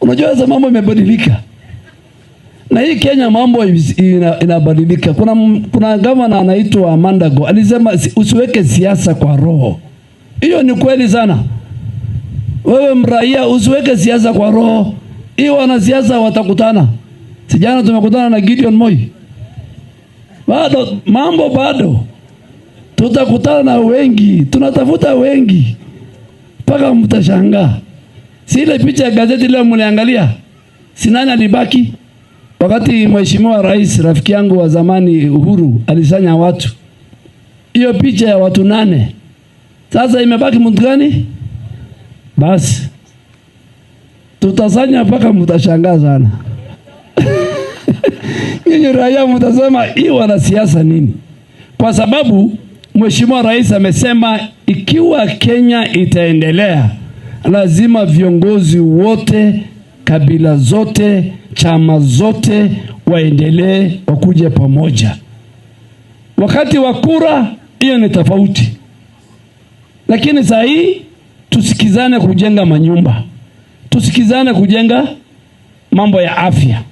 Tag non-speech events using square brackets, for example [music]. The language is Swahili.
Unajua sasa mambo yamebadilika, na hii Kenya mambo inabadilika. Kuna, kuna gavana anaitwa Mandago alisema usiweke siasa kwa roho. Hiyo ni kweli sana. Wewe mraia usiweke siasa kwa roho, hiyo wanasiasa watakutana. Sijana tumekutana na Gideon Moi, bado mambo bado, tutakutana na wengi, tunatafuta wengi mpaka mtashangaa. Si ile picha ya gazeti leo mliangalia, si nani alibaki? Wakati mheshimiwa rais rafiki yangu wa zamani Uhuru alisanya watu, hiyo picha ya watu nane, sasa imebaki mtu gani? Basi tutasanya mpaka mtashangaa sana [laughs] nyinyi raia mtasema hii wanasiasa nini? Kwa sababu mheshimiwa rais amesema ikiwa Kenya itaendelea lazima viongozi wote, kabila zote, chama zote waendelee wakuje pamoja. Wakati wa kura hiyo ni tofauti, lakini saa hii tusikizane kujenga manyumba, tusikizane kujenga mambo ya afya.